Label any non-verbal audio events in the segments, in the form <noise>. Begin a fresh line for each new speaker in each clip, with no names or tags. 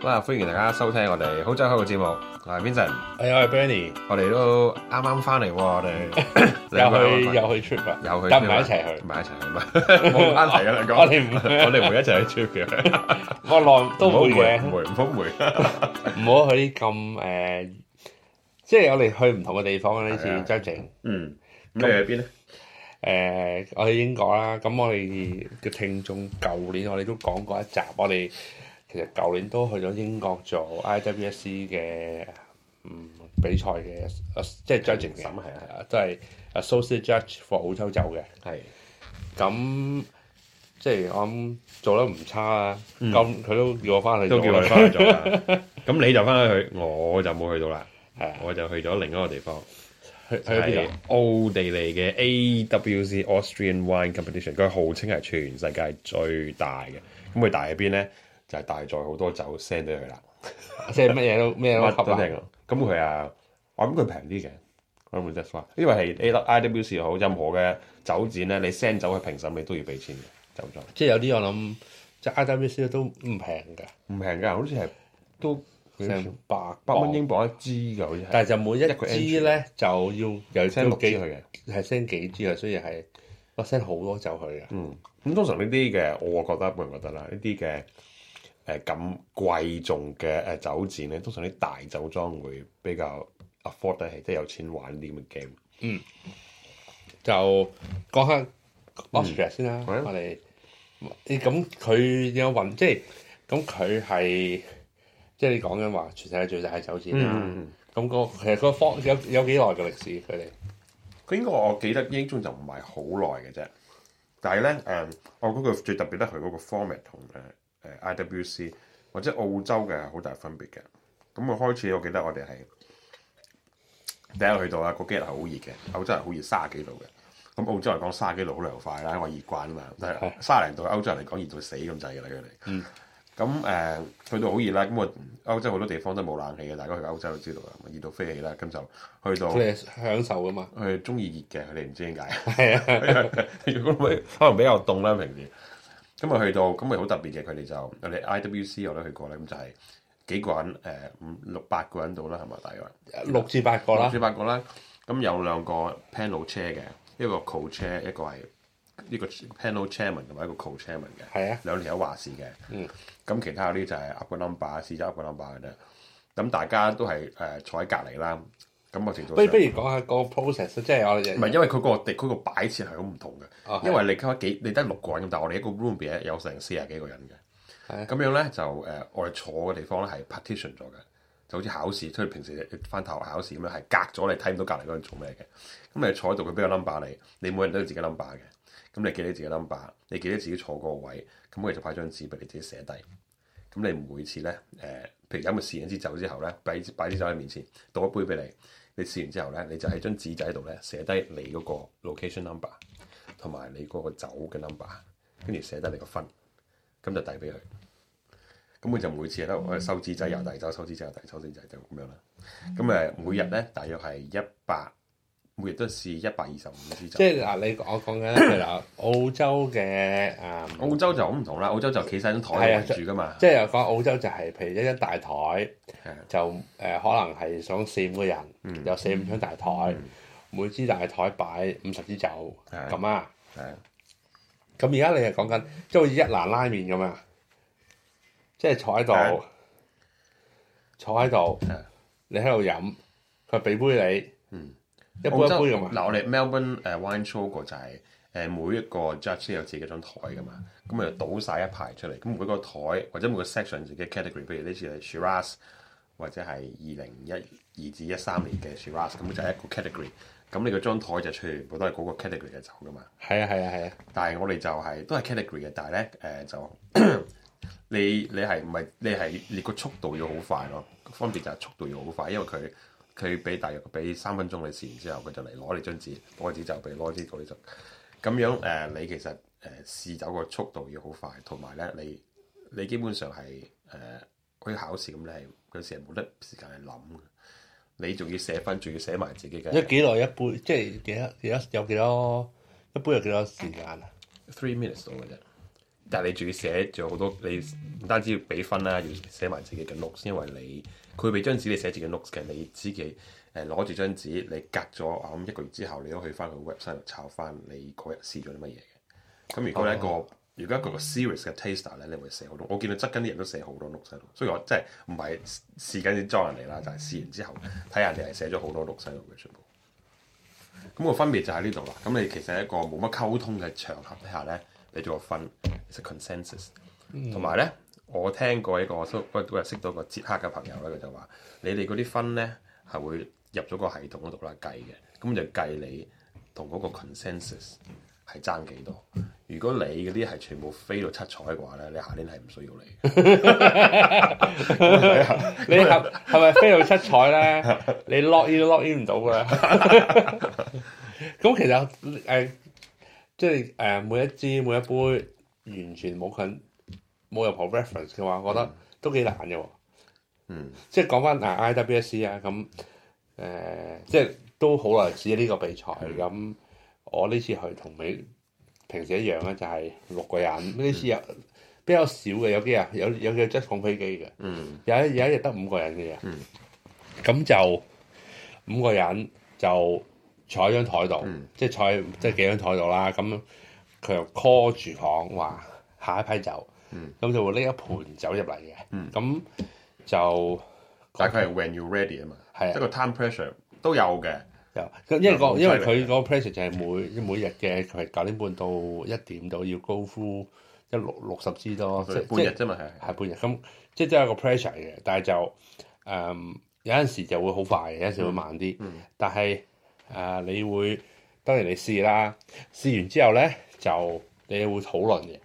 嗱，歡迎大家收聽我哋好酒好友嘅節目。我係 Vincent，我係 Benny，我哋都啱啱翻嚟，我哋又去又去
trip 啊，又去唔係一齊去，唔係一齊去，冇關係嘅啦，我哋唔我哋唔會一齊去 trip 嘅，我內都唔會嘅，唔會唔好去，唔好去咁誒，即係我哋去唔同嘅地方啊！呢次張靜，嗯，咁又去邊咧？誒，我去英國啦。咁我哋嘅聽眾，舊年我哋都講過一集，我哋。其實舊年都去咗英國做 IWSC 嘅嗯比賽嘅，即係 Judge 嘅，都係 Associate Judge for 霍武秋做嘅。係咁即係我諗做得唔差啊。咁佢都叫我翻去，都叫你翻去做。咁你就翻去佢，我就冇去到啦。係，我就
去咗另一個地方，
係
奧地利嘅 AWC Austrian Wine Competition。佢號稱係全世界最大嘅。咁佢大喺邊咧？就係大載好多酒 send 俾佢啦，
即係乜嘢都咩都吸啊。
咁佢啊，我諗佢平啲嘅，我冇得花。因為係 A IWC 又好，任何嘅酒展咧，你
send 酒去評審，你都要俾錢嘅酒莊。走走即係有啲我諗，即係 IWC 都唔平嘅，唔平嘅，好似係都成百百蚊英鎊一支嘅，好似、哦。但係就每一支咧就要又要 send 六支去嘅的，係 send 幾支啊？所以係我 send 好多酒去嘅。嗯，咁通常呢啲嘅，我覺得唔係得啦，呢啲嘅。
誒咁貴重嘅誒酒展咧，通常啲大酒莊會比較
afford 得起，即係有錢玩啲咁嘅 game。嗯，就講下 a u s 先啦、嗯，我、嗯、哋，咁佢有混即係，咁佢係即係你講緊話全世界最大嘅酒展咁、嗯嗰個其實個方有有幾耐嘅歷史佢哋？佢應該我記得英中就唔係好耐嘅啫，
但係咧誒，我覺得最特別得佢嗰個 format 同誒。誒 IWC 或者澳洲嘅好大分別嘅，咁我開始我記得我哋係第一去到啦，嗰幾日係好熱嘅，洲熱澳洲人好熱，三十幾度嘅。咁澳洲嚟講三十幾度好涼快啦，我熱慣啊嘛。但係三十度，歐洲人嚟講熱到死咁滯啦佢哋。咁誒、嗯呃、去到好熱啦，咁我歐洲好多地方都冇冷氣嘅，大家去歐洲都知道啦，熱到飛起啦。咁就去到，佢係享受啊嘛。佢中意熱嘅，佢哋唔知點解。係啊，如果唔可能比較凍啦平時。咁咪去到，咁咪好特別嘅，佢哋就我哋 IWC 我都去過咧，咁、嗯、就係、是、幾個人，誒、呃、五六八個人到啦，係咪？大概？六至八個啦。六至八個啦，咁、嗯、有兩個 panel chair 嘅，一個 co-chair，一個係呢個 panel chairman 同埋一個 co-chairman 嘅 co。係啊。兩條友、嗯、有話事嘅。嗯。咁其他嗰啲就係 up number，試咗 up number 嘅啫。咁大家都係誒、呃、坐喺隔籬啦。咁嘅程度，不如講下
個 process，即係我哋。唔係因為
佢個地區個擺設係好唔同嘅，因為你溝幾你得六個人，但係我哋一個 room 入邊有成四廿幾個人嘅，咁的樣咧就誒，uh, 我哋坐嘅地方咧係 partition 咗嘅，就好似考試，即係平時翻頭考試咁樣，係隔咗你睇唔到隔離嗰人做咩嘅。咁、嗯、你坐喺度，佢俾個 number 你，你每人都要自己 number 嘅，咁你記啲自己 number，你記啲自己坐嗰個位，咁我哋就派張紙俾你自己寫低。咁你每次咧，誒、呃，譬如飲嘅試一支酒之後咧，擺啲啲酒喺面前，倒一杯俾你，你試完之後咧，你就喺張紙仔度咧寫低你嗰個 location number 同埋你嗰個酒嘅 number，跟住寫低你個分，咁就遞俾佢。咁佢就每次得我、mm hmm. 收紙仔，又遞酒收紙仔，又遞，收紙仔就咁樣啦。咁誒，每日咧大約係一百。每月都試一百二十五支酒。即係嗱，你我講緊嗱，
澳洲嘅啊，澳洲就好唔同啦。澳洲就企曬張台住噶嘛。即係又講澳洲就係譬如一張大台，就誒可能係想四五個人，有四五張大台，每支大台擺五十支酒咁啊。咁而家你係講緊，即係好似一蘭拉麵咁啊，即係坐喺度，坐喺度，你喺度飲，佢俾杯你。一杯一杯澳洲嗱，杯來我哋 Melbourne 誒、呃、wine show 就係、是、誒、呃、每
一個 judge 咧有自己張台噶嘛，咁就倒晒一排出嚟，咁每個台或者每個 section 自己嘅 category，譬如呢次係 Shiraz，或者係二零一二至一三年嘅 Shiraz，咁就係一個 category，咁你個張台就全部都係嗰個 category 嘅酒噶嘛。係啊，係啊，係啊。但係我哋就係、是、都係 category 嘅，但係咧誒就 <coughs> 你你係唔係你係你個速度要好快咯，分別就係速度要好快，因為佢。佢俾大約俾三分鐘你，試完之後，佢就嚟攞你張紙，攞個紙就俾攞支稿嚟做。咁樣誒、呃，你其實誒、呃、試走個速度要好快，同埋咧你你基本上係誒，好、呃、考試咁咧，嗰時係冇得時間去諗。你仲要寫分，仲要寫埋自己嘅。有幾
耐一杯，即係幾，幾多幾多有幾多一杯有幾多時間啊？Three minutes 到嘅啫，
但係你仲要寫仲有好多，你唔單止要俾分啦，要寫埋自己嘅錄先，因為你。佢俾張紙你寫自己 note 嘅，你自己誒攞住張紙，你隔咗啊咁一個月之後，你都去翻個 website 度抄翻你嗰日試咗啲乜嘢嘅。咁如果係一個如果一個 serious 嘅 taster 咧，你會寫好多。我見到側近啲人都寫好多 note 喺度。所以我即係唔係試緊啲 j o 莊 n 嚟啦，就係、是、試完之後睇下人哋係寫咗好多 note 喺度嘅全部。咁、那個分別就喺呢度啦。咁你其實係一個冇乜溝通嘅場合底下咧，你做個分，consensus。
同埋咧。
Hmm. 我聽過一個，我過都係識到個捷克嘅朋友咧，佢就話：你哋嗰啲分咧係會入咗個系統度啦計嘅，咁就計你同嗰個 consensus 係爭幾多。如果你嗰啲係全部飛到七彩嘅話咧，你下年係唔需要你。
你係咪飛到七彩咧？你 lock in 都 lock in 唔到㗎。咁、 <laughs> <laughs> <laughs> 嗯、其實誒、啊，即係誒、啊，每一支每一杯完全冇菌。冇任何 reference 嘅話，我覺得都幾難嘅。嗯，即係講翻嗱 IWSC 啊，咁誒、呃，即係都好耐止呢個比賽。咁、嗯、我呢次去同你，平時一樣咧，就係、是、六個人。呢、嗯、次有比較少嘅，有啲人有幾日，有幾日真係放飛機嘅，嗯，有有一日得五個人嘅。嗯，咁就五個人就坐喺張台度、嗯，即係坐即係幾張台度啦。咁佢又 call 住房話下一批走。嗯，咁就會拎一盤酒入嚟嘅，嗯，咁就大概係 when you ready 啊嘛，係啊，一個 time pressure 都有嘅，有，因為個因為佢嗰個 pressure 就係每每日嘅，佢係九點半到一點到要高呼一六六十支多，即半日啫嘛，係係半日，咁即係都有個 pressure 嘅，但係就誒有陣時就會好快嘅，有陣時會慢啲，嗯，但係誒你會當然你試啦，試完之後咧就你會討論嘅。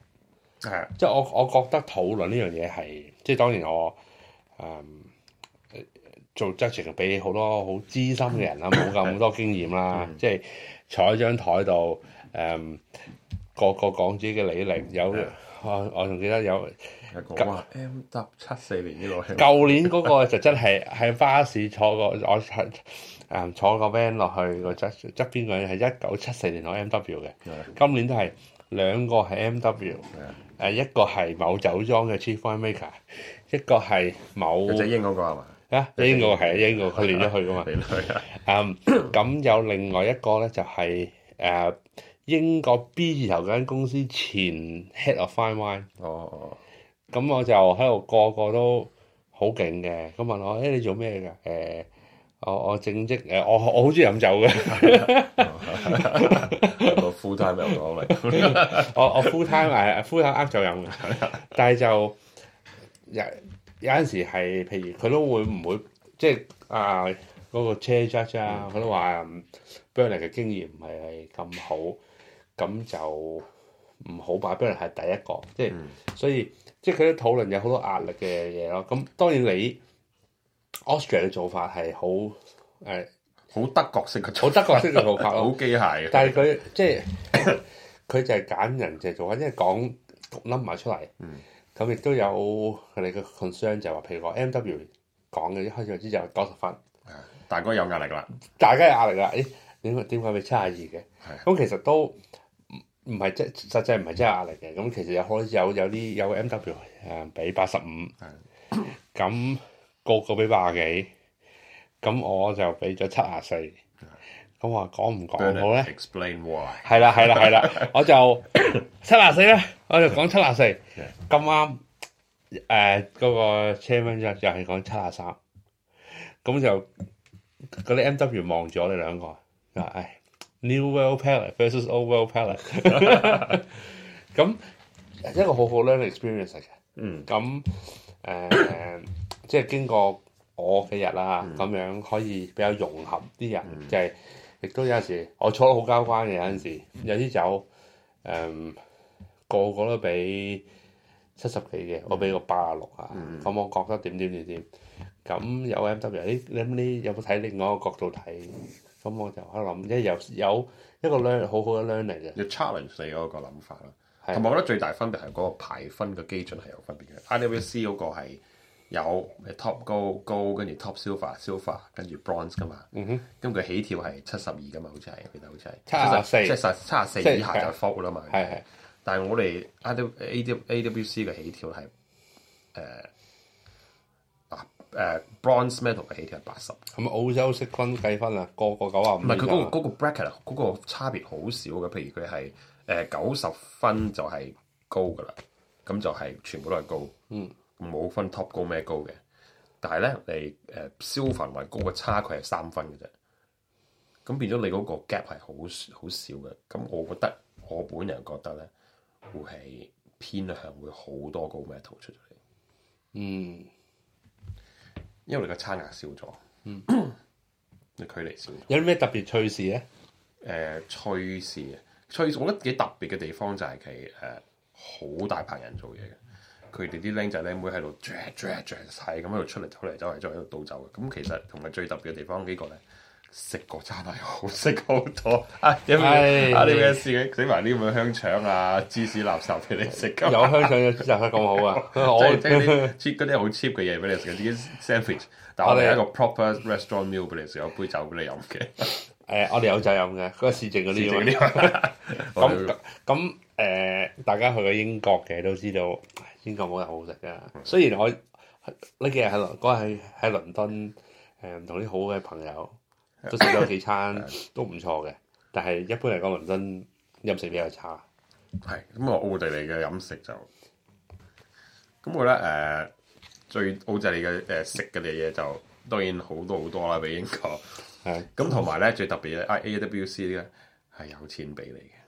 係，即係我我覺得討論呢樣嘢係即係當然我嗯做 judging 俾好多好資深嘅人啊，冇咁多經驗啦。 <coughs> 即係坐喺張台度誒，個、嗯、個講自己嘅履歷有 <coughs> 我仲記得有個 M W 七四年呢個，舊年嗰個就真係喺巴士坐個 <coughs> 我係誒坐個 van 落去個側側邊，個係一九七四年攞 M W 嘅， <coughs> 今年都係兩個係 M W。 <coughs> 誒一個係某酒莊嘅 chief winemaker 一個係某。阿英嗰、嗰個係、啊、嘛、 <laughs> um, 個就是？啊，英國係英國佢連咗去㗎嘛。啊。咁有另外一個咧就係誒英國 B 字頭嗰間公司前 head of fine wine、oh. 嗯。哦哦。咁我就喺度個個都好勁嘅，咁問我誒、欸、你做咩㗎？誒、欸。我我正職誒，我我好中意飲酒嘅。 <laughs> <laughs> <laughs> 我 full time 又講嚟， <laughs> 我我 full time 誒 full time 呃就飲 <laughs> 但係就有有陣時係，譬如佢都會唔會即係啊嗰個 chair judge 啊，佢、那個啊嗯、都話 Billy 嘅經驗唔係係咁好，咁就唔好擺 Billy 係第一個，即係、嗯、所以即係佢都討論有好多壓力嘅嘢咯。咁當然你。Austria 嘅做法係好誒，好、uh, 德國式嘅，好德國式嘅做法好機 <laughs> 械嘅。 <laughs> 但係佢即係佢就係揀人就做翻，即係講個 number 出嚟。嗯，咁亦都有佢哋嘅 concern，就係話，譬如話 M W 講嘅一開始就只有九十分，係、嗯，大哥有壓力㗎啦，大家有壓力㗎。誒，點點解俾七廿二嘅？咁的、嗯、其實都唔唔係即係實際唔係真係壓力嘅。咁、嗯、其實有可有有啲有，有 M W 誒俾八十五，咁。 <laughs> 個個俾八廿幾，咁我就俾咗七廿四，咁話講唔講好咧？Explain why？係啦係啦係啦，我就七廿四咧，我就講七廿四。咁啱誒嗰個 chairman 又又係講七廿三，咁就嗰啲 MW 望住我哋兩個就話，誒，New World Palette versus Old World Palette。咁一個好好咧嘅 learning experience 嚟嘅。嗯。咁誒。即係經過我幾日啦，咁樣可以比較融合啲人，嗯、就係亦都有陣時我坐得好交關嘅有陣時，有啲酒誒個個都俾七十幾嘅，我俾個八十六啊，咁、嗯嗯、我覺得點點點點咁有 M W，你、欸、你有冇睇另外一個角度睇？咁、嗯、我就可能即係有有一個 learn 好好嘅 learning 嚟嘅，要 challenge 你
個諗法啦，同埋的我覺得最大分別係嗰個排分嘅基準係有分別嘅，IWC 嗰個係。有 top 高高跟住 top silver silver 跟住 bronze 噶嘛，咁佢、嗯、哼起跳係七十二噶嘛，好似係，記得好似係 74, 七十四，七十四以下就 fault 啦嘛。係係，但係我哋 AWC 嘅起跳係誒
嗱誒 bronze medal 嘅起跳係八十，咁咪澳洲式分計分啊？個、嗰個九啊五，唔係佢嗰個 bracket 嗰個差別好少嘅，譬如佢係誒九
十分就係高噶啦，咁就係全部都係高。嗯。冇分 top 高咩高嘅，但係咧你誒、呃、消費位高嘅差距係三分嘅啫，咁變咗你嗰個 gap 係好好少嘅，咁我覺得我本人覺得咧會係偏向會好多高咩圖出咗嚟，嗯，因為你個差額少咗，嗯， <coughs> 你距離少，有啲咩特別趣事咧？誒、呃、趣事，趣事我覺得幾特別嘅地方就係佢誒好大批人做嘢嘅。佢哋啲僆仔僆妹喺度啜啜啜曬咁喺度出嚟，走嚟走嚟再喺度倒酒嘅。咁其實同埋最特別嘅地方幾個咧，食過餐係好食好多。啊、哎，點啊？啊、哎，哎、你唔係試嘅，整埋啲咁嘅香腸啊、芝士垃圾俾你食。有香腸嘅垃圾咁好啊？我即 cheap 嗰啲好 cheap 嘅嘢俾你食嘅啲 sandwich。但我哋一個 proper restaurant meal 俾你食，有杯酒俾你
飲嘅。誒，我哋有酒飲嘅，嗰個試正嗰啲咁。咁咁、呃、大家去過英國嘅都知道。英國冇任何好食嘅，雖然我呢幾日喺嗰日喺喺倫敦，誒唔同啲好嘅朋友都食咗幾餐， <coughs> 都唔錯嘅。但係一般嚟講，倫敦飲食比較差。係咁我奧地利嘅飲食就咁我覺得誒，
最奧地利嘅誒食嘅嘢就當然好多好多啦，比英國。係咁同埋咧，最特別咧，啊，AWC 咧係有錢俾你嘅。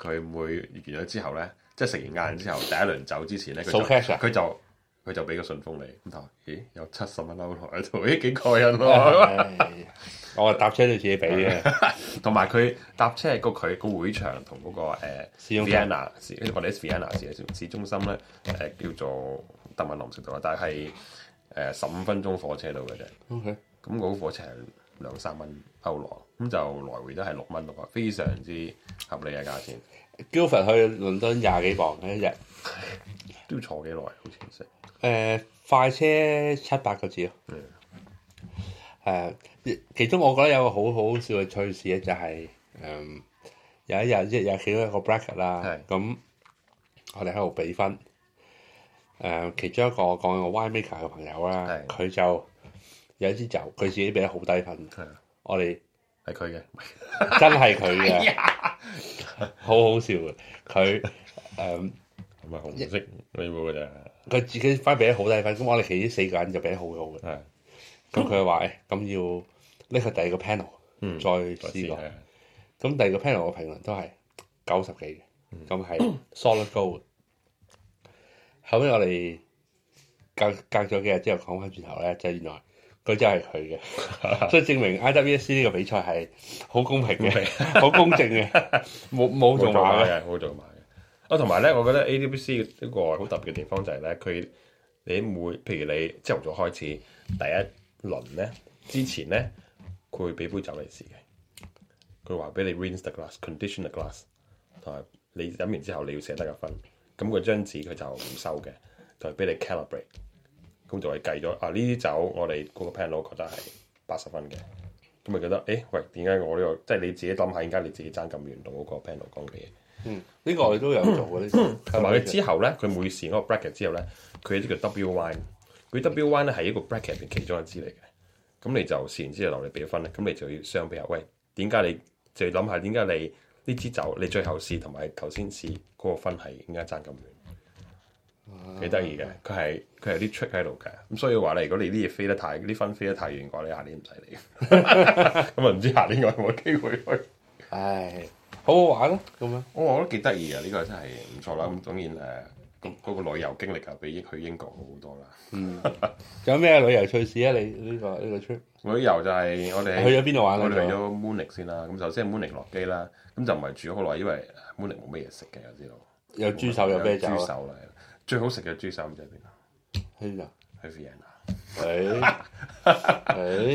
佢會完咗之後咧，即係食完晏之後，第一輪走之前咧，佢佢就佢 <laughs> 就俾個信封你，咁同咦有七十蚊歐羅喺度，咦幾過癮咯！我話搭車你自己俾嘅，同埋佢搭車個佢個會場同嗰個誒維我哋喺維也納市市中心咧誒叫做特萬諾什道啦，但係誒十五分鐘火車到嘅啫。OK，咁嗰個火車兩三蚊歐羅。咁就來回都係六蚊六啊，非常之合理嘅價錢。
Guildford 去倫敦廿幾磅一日 <laughs> 都要坐幾耐，好似誒、呃、快車七百個字咯。誒、嗯呃，其中我覺得有個好好笑嘅趣事咧，就係、是、誒、呃、有一日一日起到一個 Bracket 啦、啊，咁是、嗯、我哋喺度比分誒、呃，其中一個講 Wine Maker 嘅朋友啦，佢是就有支酒就佢自己俾得好低分，是我哋。係佢嘅， <laughs> 真係佢嘅，好、哎、呀 <laughs> 好笑嘅。佢誒，係咪紅色佢自己分俾好低分，咁 <laughs> 我哋其中四個人就俾得好好嘅。咁佢又話誒，咁、哎、要拎佢第二個 panel，、嗯、再試過。咁的第二個 panel 嘅評論都係九十幾嘅，咁係 solid gold。後尾我哋隔隔咗幾日之後講翻轉頭咧，就係原來。佢真係佢嘅， <laughs> 所以證明 IWC 呢個比賽係好公平嘅，好 <laughs> 公正嘅。冇冇 <laughs> 做埋嘅，冇
做埋嘅。啊，同埋咧，我覺得 IWC 一個好特別嘅地方就係咧，佢你每，譬如你朝頭早開始第一輪咧之前咧，佢會俾杯酒你試嘅。佢話俾你 rinse the glass，condition the glass，同埋你飲完之後你要寫得個分，咁嗰張紙佢就唔收嘅，就係俾你 calibrate。咁就係計咗啊！呢啲酒我哋嗰個 panel 覺得係八十分嘅，咁咪覺得誒、欸、喂？點解我呢、這個即係你自己諗下，點解你自己爭咁遠？同、那、嗰個 panel 講嘅嘢，嗯，呢個我哋都有做嘅。呢同埋佢之後咧，佢每試嗰個 bracket 之後咧，佢呢叫 W wine，佢 W wine 咧係一個 bracket 其中一支嚟嘅。咁你就試完之後落嚟俾分咧，咁你就要相比下，喂，點解你就要諗下點解你呢支酒你最後試同埋頭先試嗰、那個分係點解爭咁遠？幾得意嘅，佢係佢係啲 trick 喺度嘅，咁所以話咧，如果你啲嘢飛得太，啲 <laughs> 分飛得太遠嘅話，你下年唔使嚟，咁啊唔知下年我有冇機會去。 <laughs> 唉，好好玩咯、啊，咁樣，哦、我話我都幾得意啊，呢、這個真係唔錯啦。咁當然誒，個旅遊經歷啊，比去英國好好多啦。嗯，
嗯有咩旅遊趣事啊？你呢、這個呢、這
個出？旅遊就係我哋去咗邊度玩、啊、我哋去咗 Munich 先啦，咁有首先 Munich 落機啦，咁就唔係住咗好耐，因為 Munich 冇咩嘢食嘅我知道，有豬手有啤酒。最好食嘅豬手唔知喺邊啊？喺邊 V 啊？喺維也納。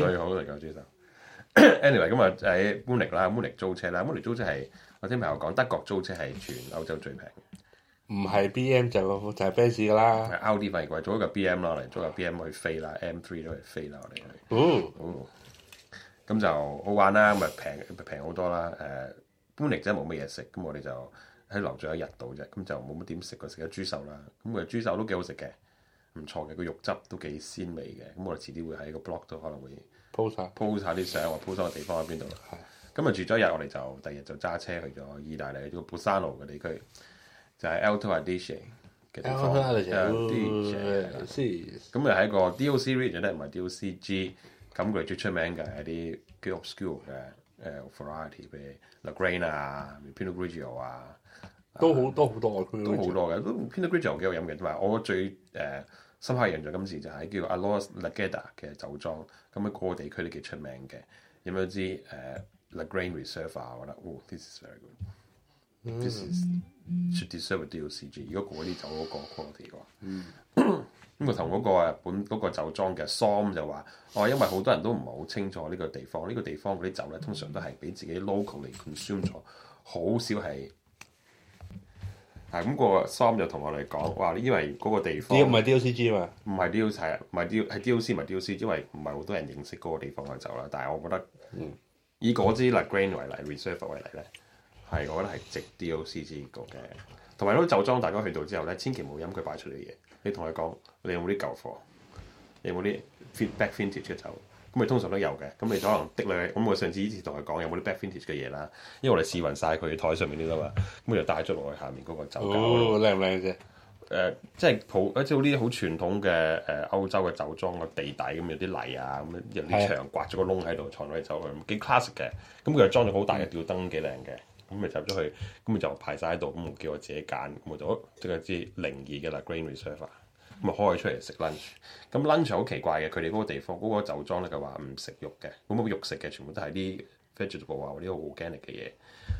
誒，最好食嘅豬手。 <coughs> anyway，咁啊喺 Munich 啦，Munich 租車啦，Munich 租車係我聽朋友講，德國租車係全歐洲最平。唔係、就係、B M 就就係 Benz 啦，係 Audi 費貴，咗？一個 B M 啦，嚟租個 B M 去飛啦，M three 都嚟飛啦，我哋、嗯。去咁、哦、就好玩啦，咁啊平平好多啦。誒，Munich 真係冇咩嘢食，咁我哋就。喺樓上一日度啫，咁就冇乜點食個食咗豬手啦。咁其實豬手都幾好食嘅，唔錯嘅。個肉汁都幾鮮味嘅。咁我哋遲啲會喺個 blog 度可能會 post 晒啲相，post 晒個地方喺邊度。咁啊住咗一日，我哋就第二日就揸車去咗意大利個布沙羅嘅地區，就係 Alto Adige 嘅地方。咁又係一個 DOC Region 咧，唔係 DOCG。咁佢最出名嘅係啲 Geographical 嘅誒 Variety，譬如 Lagrein 啊、Pinot Grigio 啊。都，、嗯、都多好多好多啊！佢都好多嘅都 Pinot Grigio 幾好飲嘅。同埋我最誒、呃、深刻印象今次就喺叫 Alois Lageder 嘅酒莊，咁喺嗰個地區都幾出名嘅。飲咗支誒 Lagrein Riserva 啊，我覺得、哦、this is very good，this、嗯、is should deserve 要試住。如果嗰啲酒嗰、那個 quality 嘅話，咁我同嗰個日本嗰、那個酒莊嘅 som 就話哦，因為好多人都唔係好清楚呢個地方呢、這個地方嗰啲酒咧，通常都係俾自己 local 嚟 consume 咗，好少係。係咁、嗰個 Sam 就同我哋講，話因為嗰個地方，唔係 D.O.C.G 嘛，唔係 D.O. 係啊，唔係 D.O. 係 D.O.C. 唔係 D.O.C. 因為唔係好多人認識嗰個地方去走啦。但係我覺得，嗯、以嗰支 Lagrein 為例，Reserve 為例咧，係我覺得係值 D.O.C.G 嘅。同埋啲酒莊，大家去到之後咧，千祈唔好飲佢擺出嚟嘅嘢。你同佢講，你有冇啲舊貨？你有冇啲 feedback vintage 嘅酒？咁咪通常都有嘅，咁咪可能的咧。咁我上次以前同佢講有冇啲 bad vintage 嘅嘢啦，因為我哋試勻晒佢台上面啲啦嘛，咁就帶咗落去下面嗰個酒窖。靚唔靚啫？誒、呃，即係普即係呢啲好傳統嘅誒、呃、歐洲嘅酒莊嘅地底咁、嗯，有啲泥啊，咁、嗯、有啲牆刮咗個窿喺度藏落啲酒嘅，幾 class 嘅。咁佢又裝咗好大嘅吊燈，幾靚嘅。咁咪入咗去，咁咪就排晒喺度，咁我叫我自己揀，咁我就即係支零二嘅啦，green reserve。咁啊開咗出嚟食 lunch，咁 lunch 好奇怪嘅，佢哋嗰個地方嗰、嗰個酒莊咧，佢話唔食肉嘅，咁啊肉食嘅全部都係啲 vegetable 啊，或呢個 organic 嘅嘢，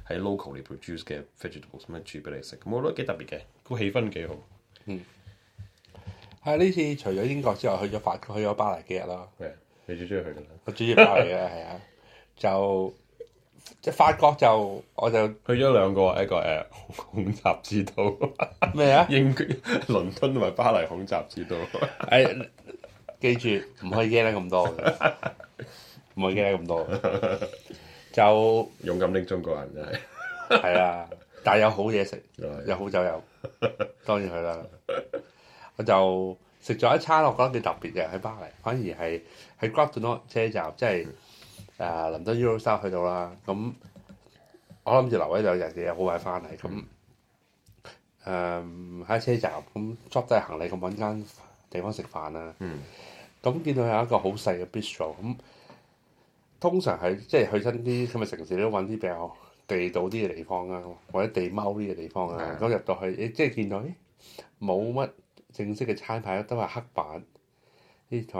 喺 local 嚟 produce 嘅 vegetables 咩煮俾你食，咁我覺得幾特別嘅，個氣氛幾好。嗯，係、啊、呢次除咗
英國之外，去咗法國，去咗巴黎幾日咯。係你最中意去㗎啦。我最中意巴黎啊，係啊， <laughs> 就。即係法國就我就去咗兩個，個，一個誒、呃、恐襲之都咩啊？英國、倫敦同埋巴黎恐襲之都。誒， <laughs> 記住唔可以驚得咁多，唔可以驚得咁多。就勇敢拎中國人真係係啊！但係有好嘢食，有好酒飲，當然去啦。我就食咗一餐，我覺得幾特別嘅喺巴黎，反而係喺 Gare du Nord 車站，即係。嗯誒，倫敦 Eurostar 去到啦。咁、嗯、我諗住劉偉就日嘢好快翻嚟咁。誒、嗯，喺車站咁 drop 低行李，咁揾間地方食飯啦。咁見、嗯嗯、到有一個好細嘅 bistro 咁、嗯，通常係即係去親啲咁嘅城市都揾啲比較地道啲嘅地方啊，或者地踎啲嘅地方啊。咁入到去，即係見到冇乜正式嘅餐牌，都係黑板。呢台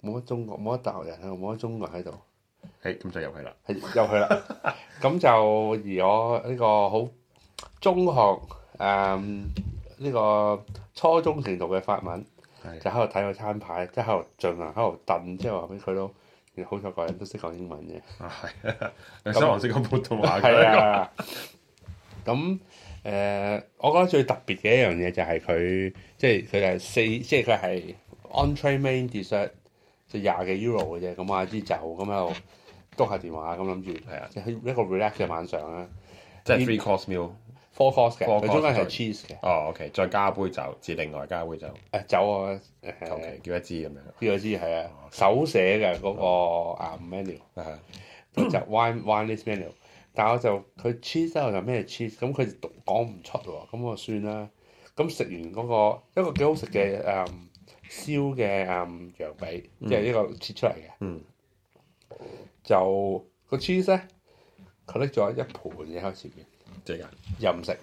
冇乜中國，冇乜大陸人，冇乜中國喺度。咁就入去啦，入去啦。咁就而我呢個好中學誒呢個初中程度嘅法文，就喺度睇個餐牌，即係喺度儘量喺度揼，即係話俾佢囉。其實好彩個人都識講英文嘅，用深黃色講普通話嘅。係啊，咁誒，我覺得最特別嘅一樣嘢就係佢，即係佢係四，即係佢係 entrée main dessert 就廿幾 euro 嘅啫。咁我先走，咁喺度。篤下電話，咁諗住係啊，去一個 relax 嘅晚上啊，即係 three course meal，four course 嘅，佢中間係 cheese 嘅。哦，OK，再加杯酒，至另外加杯酒。誒酒啊，求其叫一支咁樣。叫一支係啊，手寫嘅嗰個啊 menu，就 wine wine list menu。但我就佢 cheese 之後就咩 cheese，咁佢讀講唔出喎，咁我就算啦。咁食完嗰個一個幾好食嘅誒燒嘅誒羊髀，即係呢個切出嚟嘅。就個 cheese 咧，佢拎咗一盤嘢喺前面，即係任食。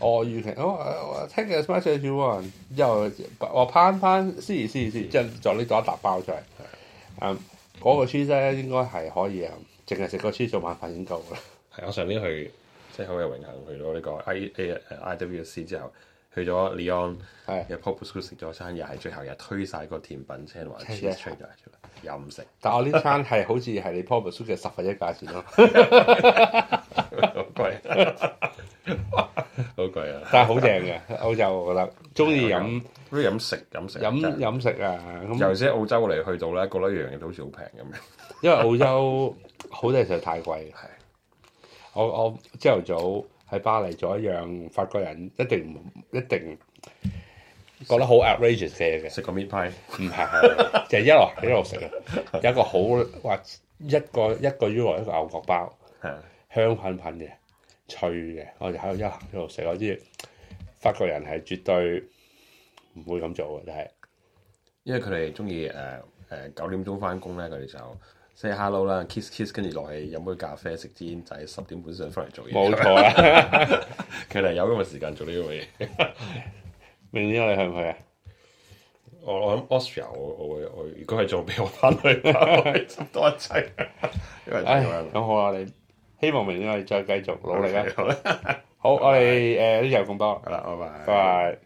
我預期，我聽日先開始玩，之後我攀攀試試試，即係再搦咗一沓包出嚟。嗰、um, 個 cheese 咧應該係可以啊，淨係食個 cheese 做晚飯已經夠㗎啦。係， <noise> 我上年去即係好有榮幸去到呢個 I
A I,、uh, I W C 之後。去咗里昂嘅 public school 食咗餐，又係最後日推
晒個甜品車，話切出嚟，又唔食。但我呢餐係好似係你 public school 嘅十分一價錢咯，好貴，好貴啊！但係好正嘅澳洲，我覺得中意飲，都飲食飲食飲飲食啊！咁尤其澳洲嚟去到咧，覺得一樣嘢都好似好平咁嘅，因為澳洲好多嘢實太貴。係我我朝頭早。喺巴黎做一樣法國人一定一定覺得好 outrageous 嘅嘢嘅，食個 meat pie，唔係，係 <laughs> 是 <laughs> 一路一路食嘅。 <laughs> 有一個好話一個一個 u 一個牛角包， <laughs> 香噴噴嘅、脆嘅，我哋喺度一路一路食。我知法國人係絕對唔會咁做嘅，
就係、是、因為佢哋中意誒誒九點鐘翻工咧，佢哋就。say <music> hello 啦，kiss kiss，跟住落去飲杯咖啡，食支煙仔，十點半先翻嚟做嘢。冇錯啦、啊，其實 <laughs> 有咁嘅時間做呢個嘢。 <laughs> 明年我哋去唔去啊？我我諗 Austria，a l 我我，我，我，我， <laughs> 我會我如果係做俾我翻去，多一齊。 <laughs> 哎，咁
好，好啊！你希望明年我哋再繼續努力啊！好， <laughs> 我哋誒呢日咁多，bye. 呃、好啦，拜拜。